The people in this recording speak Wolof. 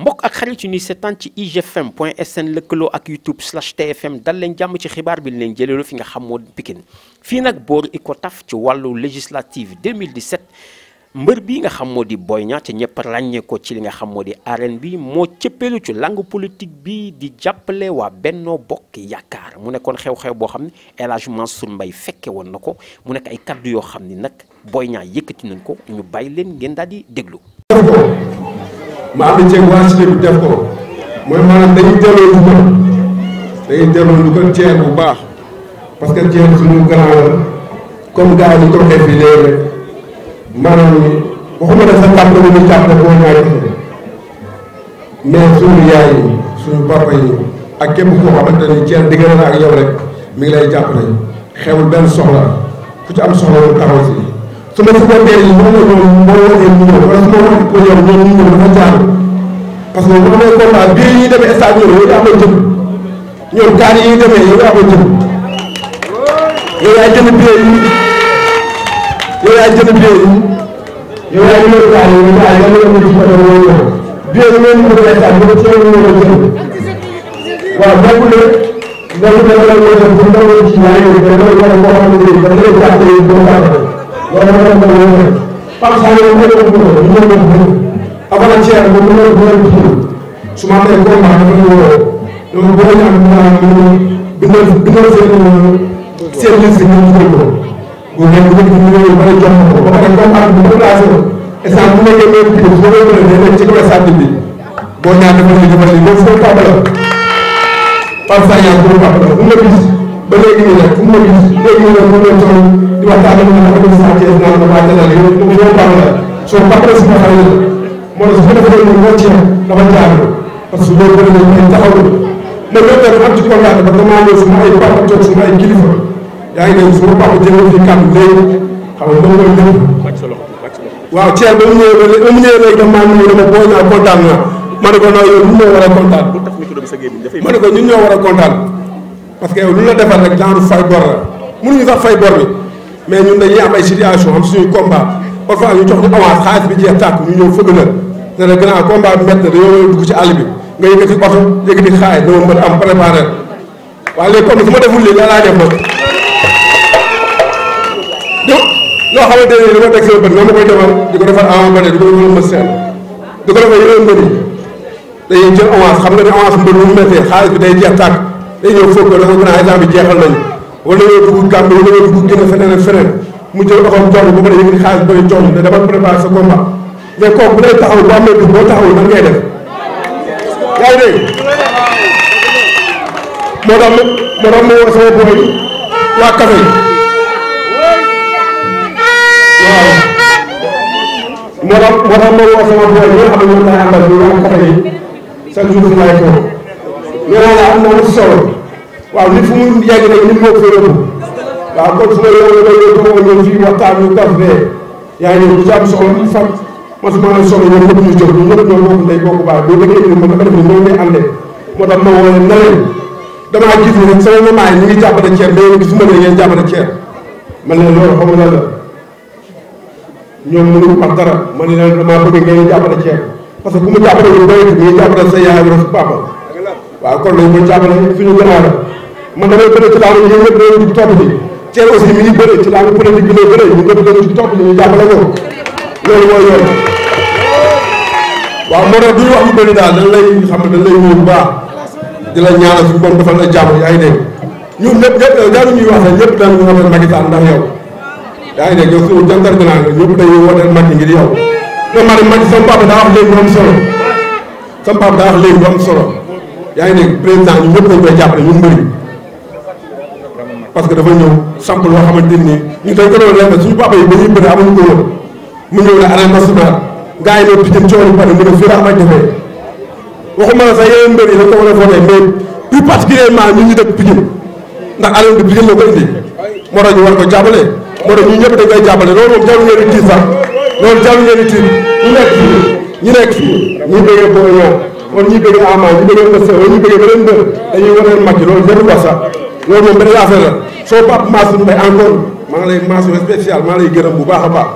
mbokk ak xarit yu ñuy ci igfm point sn lëkkaloo ak youtube slash tfm dal leen jàmm ci xibaar bi leen jëleelu fi nga xam moo Pikine fii nag boor Icotaf ci wàllu législative 2017 mbër bi nga xam moo di Boy Niang te ñëpp ràññee ci li nga xam moo di arène bi moo cëppeelu ci langue politique bi di jàppale waa Bennoo Bokk Yaakaar mu nekkoon xew-xew boo xam ne El Hadj Mansour Mbaye woon na ko mu nekk ay kàddu yoo xam ni nag Boy Niang yëkkati nañ ko ñu bàyyi leen ngeen daal di déglu ma am na ceeb waa cité bi def ko mooy maanaam dañuy delloo njukkal dañuy delloo njukkal ceeb bu baax parce que ceeb suñu grand la comme gars yi ñu fii léegi maanaam waxuma ne sa kàpp la ñu jàpp boo ñaari suñu yaay yi suñu papa yi ak képp koo xamante ni ceeb diggante na ak yow rek mi ngi lay jàppale xewul benn soxla ku ci am soxla mu taxaw si. su ma supporter yi boo ñëwee mbooloo ko ñëw ñoom ñu ñëw dafa jaar parce que bu amee combat bii ñuy demee stade ñoom yow yaa koy jënd ñoom kaar yi ñuy demee yow yaa koy jënd yow yaa jënd billet yi yow yaa jënd billet yi yow yaa jënd kaar yi yow yaa jënd ko di ko dem wala yi ngeen ñu ko demee stade yow ci yow ñoo ko jënd waaw donc de donc da nga koy Parfois, il y a un gros partenaire. ba léegi ñu nag fu mu nekk léegi ñu nag mu ngi toll di waxtaan ak ñoom ak ministère Thiès naan la waa Jalla yow yow baax na soo baaxee sama xale la moo tax su ko defee ñu wàcc dafa jaarul parce que loolu bëri nañ ay taxawul mais loolu dafa am ci kontaan ba damaa ñëw sama ay papa toog sama ay kilifa yaa ngi dégg sama papa jëloon fi kàddu léegi xam nga dama koy dégg. waaw Thiès ba mu ñëwee ba léegi ba mu ñëwee léegi dafa maa ñëw dama booy naa kontaan naa ma ne ko non yow ñun ñoo war a kontaan ma ne ko ñun ñoo war a kontaan parce que yow lu la defal rek genre fay bor la mënuñu sax fay bor bi mais ñun dañuy am ay situation am suñuy combat parfois ñu jox ñu avance xaalis bi jeex tàkk ñu ñëw fëgg na la bi métti na dañoo dugg ci àll bi nga yëkkati oto yëkkati xaalis dama mën am préparé waaye léegi comme su ma deful lii la laa def nag donc loo ma seen di ko defal yeneen mbër yi dañuy jël avance xam nga ne avance mbër bu mu méttee xaalis bi day jeex tàkk day ñëw foog dafa mën a exemple jeexal nañu wala ñoo dugg gàmb wala ñoo dugg génn feneen ak feneen mu jël oxom jox bu ko defee yëngu xaalis booy jox te dafa préparé sa combat mais kooku bu dee taxaw bu amee dugub boo taxawul nan ngay def yaa ngi dégg moo tax ma moo tax ma woo sama boy waa café waaw moo tax moo tax ma woo sama boy ñi nga xam ne ñoom laay àndal ñu waa café yi chaque jour fu may toog loolu la am na lu solo waaw nit fu mu yegg nag nit moo ko fa yóbbu waaw kon su ma yóbbu ma yóbbu ma ñëw fii waxtaan ñu gaf bee yaa ngi ñëw bu am solo ñu fat man su ma am solo ñoom ñëpp ñu jóg ñun ñëpp ñoo bokk ndey bokk baay boo déggee ñu mën a def ñoom ñooy àndee moo tax ma woo leen na leen damaa gis ne nag sama mamaa yi ñu ngi jàppale ceeb mais yéen gisuma ne ngeen jàppale ceeb man ne loolu xamu lan la ñoom mënuñu wax dara man ne leen damaa bëgg ngeen jàppale ceeb parce que ku mu jàppale ñu doyati ñu jàppale sa yaay wala sa papa waaw kon loolu mooy jàppale suñu gannaaw la man damay bëre ci laamu yéen bi ñu ñëpp dañoo jug topp ci ñu jàppale ko loolu mooy yoon waaw moo tax du ñu wax lu bëri daal dañ lay xam ne dañ lay wóor la ñaanal suñu borom defal la yaa ngi dégg ñun ñëpp ñëpp daanu ñuy wax rek ñëpp daanu ñu xam ne Macky Sall ndax yow yaa ngi dégg yow suñu jànkar gannaaw la ñëpp dañuy wooteel Macky ngir yow te man Macky sama papa daa wax léegi bu solo sama papa daa wax léegi bu am solo yaa ngi dégg président ñun ñëpp dañ koy jàppale ñun parce que dafa ñëw samp loo xamante ni ñu dañ ko doon rafet suñu yi ba ñuy bëri amuñu ko woon mu ñëw ne arène nationale gars yi ñoo tijjeen coono pare mu ne fii la amay defee waxuma la sax yeneen mbër yi dañ ko war a voté mais plus particulièrement ñun ñu dëkk Pikine ndax arène bi Pikine la ko indi moo tax ñu war ko jàppale moo tax ñun ñëpp dañ koy jàppale loolu moom jarul ngeen di tiit sax loolu jarul ñu ñu nekk fii kon ñi bëgg Ama ñi bëgg Eumeu wala ñi bëgg beneen mbër dañuy waneel Macky loolu jarul wax sax loolu moom soo Pape Mansour Mbaye encore maa ngi lay mention spéciale maa ngi lay gërëm bu baax a baax